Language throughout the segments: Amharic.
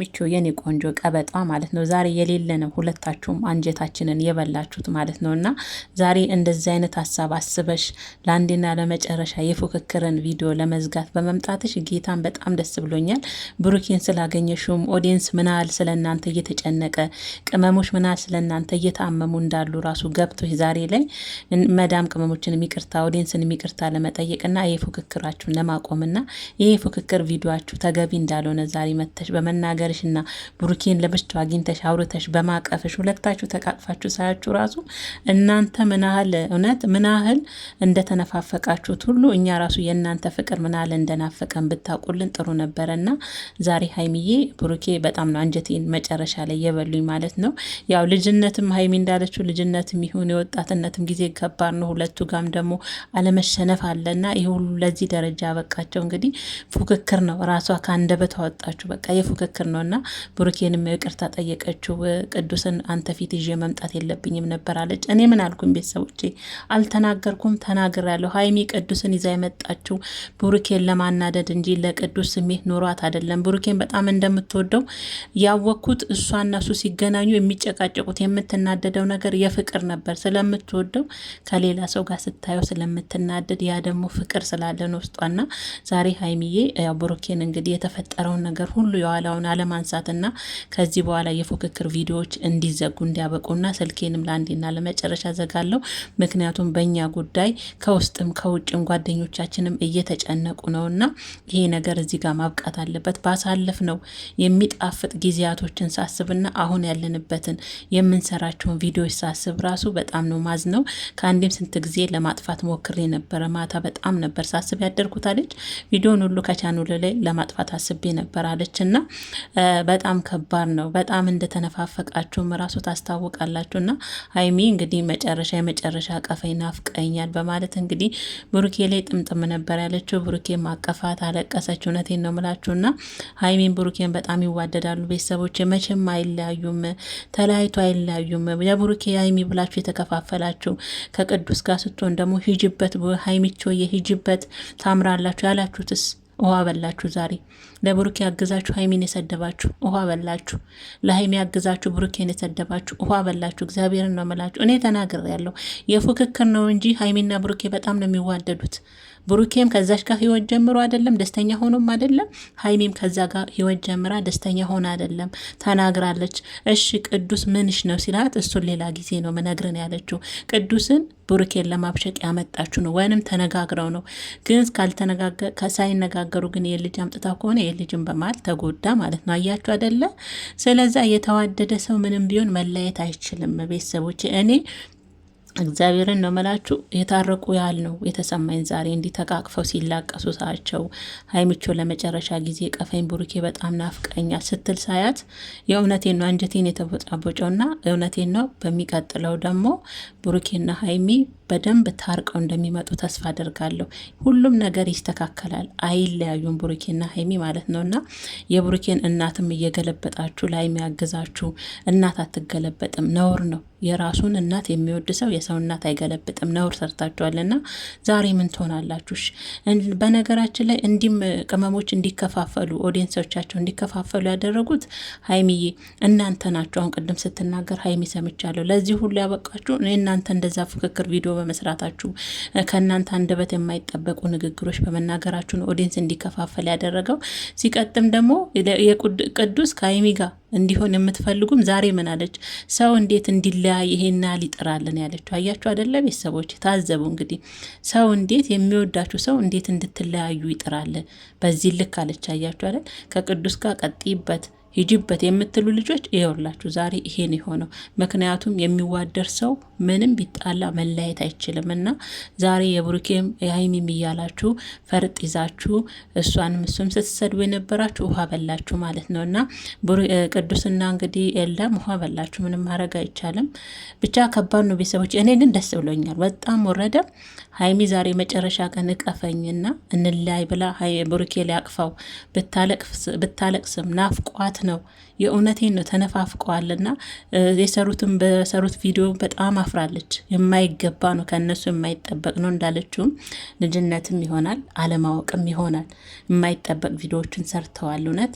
ምቹ የኔ ቆንጆ ቀበጣ ማለት ነው። ዛሬ የሌለንም ሁለታችሁም አንጀታችንን የበላችሁት ማለት ነው። እና ዛሬ እንደዚህ አይነት ሀሳብ አስበሽ ለአንዴና ለመጨረሻ የፉክክርን ቪዲዮ ለመዝጋት በመምጣትሽ ጌታን በጣም ደስ ብሎኛል። ብሩኬን ስላገኘሹም ኦዲየንስ ምናል ስለ እናንተ እየተጨነቀ ቅመሞች ምናል ስለ እናንተ እየታመሙ እንዳሉ ራሱ ገብቶች ዛሬ ላይ መዳም ቅመሞችን የሚቅርታ ኦዲየንስን የሚቅርታ ለመጠየቅና ይህ ፉክክራችሁን ለማቆምና ይህ ፉክክር ቪዲዮችሁ ተገቢ እንዳልሆነ ዛሬ መተሽ በመናገር እና ብሩኬን ለብቻው አግኝተሽ አውርተሽ በማቀፍሽ ሁለታችሁ ተቃቅፋችሁ ሳያችሁ ራሱ እናንተ ምናህል እውነት ምናህል እንደተነፋፈቃችሁት ሁሉ እኛ ራሱ የእናንተ ፍቅር ምናህል እንደናፈቀን ብታውቁልን ጥሩ ነበረ። እና ዛሬ ሀይሚዬ ብሩኬ በጣም ነው አንጀቴን መጨረሻ ላይ የበሉኝ ማለት ነው። ያው ልጅነትም ሀይሚ እንዳለችው ልጅነትም ይሁን የወጣትነትም ጊዜ ከባድ ነው። ሁለቱ ጋም ደግሞ አለመሸነፍ አለና ይህ ሁሉ ለዚህ ደረጃ ያበቃቸው እንግዲህ ፉክክር ነው። ራሷ ከአንደበት አወጣችሁ በቃ የፉክክር ነው ነው እና ብሩኬንም ይቅርታ ጠየቀችው። ቅዱስን አንተ ፊት ይዤ መምጣት የለብኝም ነበር አለች። እኔ ምን አልኩም? ቤተሰቦቼ አልተናገርኩም፣ ተናግሬያለሁ። ሀይሚ ቅዱስን ይዛ የመጣችው ብሩኬን ለማናደድ እንጂ ለቅዱስ ስሜት ኑሯት አይደለም። ብሩኬን በጣም እንደምትወደው ያወቅኩት እሷና እሱ ሲገናኙ የሚጨቃጨቁት የምትናደደው ነገር የፍቅር ነበር። ስለምትወደው ከሌላ ሰው ጋር ስታየው ስለምትናደድ ያ ደግሞ ፍቅር ስላለን ውስጧና ዛሬ ሀይሚዬ ብሩኬን እንግዲህ የተፈጠረውን ነገር ሁሉ የዋላውን ለማንሳትና ከዚህ በኋላ የፉክክር ቪዲዮዎች እንዲዘጉ እንዲያበቁና ስልኬንም ለአንዴና ለመጨረሻ ዘጋለው። ምክንያቱም በእኛ ጉዳይ ከውስጥም ከውጭም ጓደኞቻችንም እየተጨነቁ ነውና ይሄ ነገር እዚህ ጋር ማብቃት አለበት። ባሳለፍ ነው የሚጣፍጥ ጊዜያቶችን ሳስብና አሁን ያለንበትን የምንሰራቸውን ቪዲዮዎች ሳስብ ራሱ በጣም ነው ማዝ ነው። ከአንዴም ስንት ጊዜ ለማጥፋት ሞክሬ ነበረ። ማታ በጣም ነበር ሳስብ ያደርጉታለች። ቪዲዮን ሁሉ ከቻናሉ ላይ ለማጥፋት አስቤ ነበር አለች እና በጣም ከባድ ነው። በጣም እንደተነፋፈቃችሁም ራሱ ታስታውቃላችሁ። እና ሀይሚ እንግዲህ መጨረሻ የመጨረሻ አቀፈኝ ናፍቀኛል በማለት እንግዲህ ብሩኬ ላይ ጥምጥም ነበር ያለችው። ብሩኬ ማቀፋት አለቀሰች። እውነቴን ነው ምላችሁ እና ሀይሚን ብሩኬን በጣም ይዋደዳሉ ቤተሰቦች፣ መቼም አይለያዩም፣ ተለያይቶ አይለያዩም። የብሩኬ ሀይሚ ብላችሁ የተከፋፈላችሁ ከቅዱስ ጋር ስትሆን ደግሞ ሂጅበት ሀይሚቾ የሂጅበት ታምራላችሁ ያላችሁትስ ውሃ በላችሁ። ዛሬ ለብሩኬ ያግዛችሁ ሀይሚን የሰደባችሁ ውሃ በላችሁ። ለሀይሚ ያግዛችሁ ብሩኬን የሰደባችሁ ውሃ በላችሁ። እግዚአብሔርን ነው የምላችሁ። እኔ ተናግሬያለሁ። የፉክክር ነው እንጂ ሀይሚና ብሩኬ በጣም ነው የሚዋደዱት። ብሩኬም ከዛች ጋር ህይወት ጀምሮ አይደለም ደስተኛ ሆኖም አይደለም። ሀይሚም ከዛ ጋር ህይወት ጀምራ ደስተኛ ሆነ አይደለም ተናግራለች። እሺ ቅዱስ ምንሽ ነው ሲላት፣ እሱን ሌላ ጊዜ ነው መነግርን ያለችው ቅዱስን ብሩኬን ለማብሸቅ ያመጣችሁ ነው ወይንም ተነጋግረው ነው። ግን ሳይነጋገሩ ግን የልጅ አምጥታ ከሆነ የልጅን በማል ተጎዳ ማለት ነው። አያችሁ አይደለ? ስለዛ የተዋደደ ሰው ምንም ቢሆን መለየት አይችልም። ቤተሰቦች እኔ እግዚአብሔርን ነው መላችሁ የታረቁ ያህል ነው የተሰማኝ ዛሬ እንዲህ ተቃቅፈው ሲላቀሱ ሳያቸው። ሀይሚቾ ለመጨረሻ ጊዜ ቀፈኝ ብሩኬ በጣም ናፍቀኛል ስትል ሳያት የእውነቴን ነው አንጀቴን የተቦጫቦጨው እና እውነቴን ነው። በሚቀጥለው ደግሞ ብሩኬና ሀይሚ በደንብ ታርቀው እንደሚመጡ ተስፋ አደርጋለሁ። ሁሉም ነገር ይስተካከላል። አይለያዩም ብሩኬና ሀይሚ ማለት ነው እና የብሩኬን እናትም እየገለበጣችሁ ለሀይሚ ያግዛችሁ። እናት አትገለበጥም፣ ነውር ነው። የራሱን እናት የሚወድ ሰው የሰው እናት አይገለብጥም። ነውር ሰርታችኋልና ዛሬ ምን ትሆናላችሁ? በነገራችን ላይ እንዲም ቅመሞች እንዲከፋፈሉ ኦዲየንሶቻቸው እንዲከፋፈሉ ያደረጉት ሀይሚዬ እናንተ ናቸው። አሁን ቅድም ስትናገር ሀይሚ ሰምቻለሁ። ለዚህ ሁሉ ያበቃችሁ እናንተ እንደዛ ፉክክር ቪዲዮ በመስራታችሁ ከእናንተ አንደበት የማይጠበቁ ንግግሮች በመናገራችሁ ነው ኦዲንስ እንዲከፋፈል ያደረገው። ሲቀጥም ደግሞ ቅዱስ ከሀይሚ ጋር እንዲሆን የምትፈልጉም ዛሬ ምን አለች? ሰው እንዴት እንዲለያይ ይሄና ሊጥራለን ያለችው አያችሁ አደለ? ቤተሰቦች ታዘቡ እንግዲህ። ሰው እንዴት የሚወዳችሁ ሰው እንዴት እንድትለያዩ ይጥራል? በዚህ ልክ አለች። አያችሁ አይደል? ከቅዱስ ጋር ቀጥይበት ሂጂበት የምትሉ ልጆች ይኸውላችሁ ዛሬ ይሄን የሆነው ምክንያቱም የሚዋደር ሰው ምንም ቢጣላ መለያየት አይችልም እና ዛሬ የብሩኬም የሀይሚም እያላችሁ ፈርጥ ይዛችሁ እሷንም እሱም ስትሰድቡ የነበራችሁ ውሃ በላችሁ ማለት ነው እና ቅዱስና እንግዲህ የለም ውሃ በላችሁ። ምንም ማድረግ አይቻልም። ብቻ ከባድ ነው ቤተሰቦች። እኔ ግን ደስ ብሎኛል። በጣም ወረደ። ሀይሚ ዛሬ መጨረሻ ቀን እቀፈኝና እንላይ ብላ ብሩኬ ሊያቅፋው ብታለቅስም ናፍቋት ప్రశ్న የእውነቴን ነው ተነፋፍቀዋልና የሰሩትም በሰሩት ቪዲዮ በጣም አፍራለች። የማይገባ ነው፣ ከእነሱ የማይጠበቅ ነው። እንዳለችውም ልጅነትም ይሆናል አለማወቅም ይሆናል የማይጠበቅ ቪዲዮዎችን ሰርተዋል። እውነት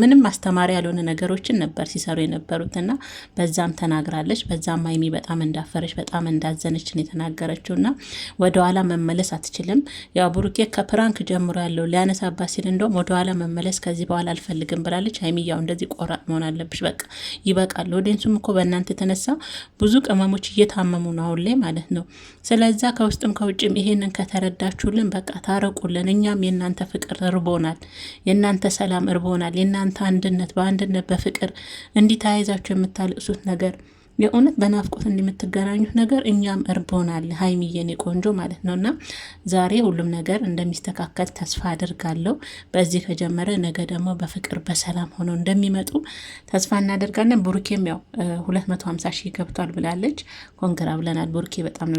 ምንም አስተማሪ ያልሆነ ነገሮችን ነበር ሲሰሩ የነበሩትና በዛም ተናግራለች። በዛም ሀይሚ በጣም እንዳፈረች በጣም እንዳዘነች ነው የተናገረችውና ወደኋላ መመለስ አትችልም። ያው ብሩኬ ከፕራንክ ጀምሮ ያለው ሊያነሳባት ሲል እንደውም ወደኋላ መመለስ ከዚህ በኋላ አልፈልግም ብላለች። ሀይሚያው እንደዚህ ቆ ቆራጥ መሆን አለብሽ። በቃ ይበቃል። ወደንሱም እኮ በእናንተ የተነሳ ብዙ ቅመሞች እየታመሙ ነው አሁን ላይ ማለት ነው። ስለዛ ከውስጥም ከውጭም ይሄንን ከተረዳችሁልን በቃ ታረቁልን። እኛም የእናንተ ፍቅር እርቦናል፣ የእናንተ ሰላም እርቦናል፣ የእናንተ አንድነት በአንድነት በፍቅር እንዲህ ተያይዛችሁ የምታለቅሱት ነገር የእውነት በናፍቆት እንደምትገናኙት ነገር እኛም እርቦናል። ሀይሚዬን ቆንጆ ማለት ነው እና ዛሬ ሁሉም ነገር እንደሚስተካከል ተስፋ አድርጋለሁ። በዚህ ከጀመረ ነገ ደግሞ በፍቅር በሰላም ሆኖ እንደሚመጡ ተስፋ እናደርጋለን። ቡርኬም ያው 250 ሺህ ገብቷል ብላለች። ኮንግራ ብለናል ቡርኬ በጣም ነው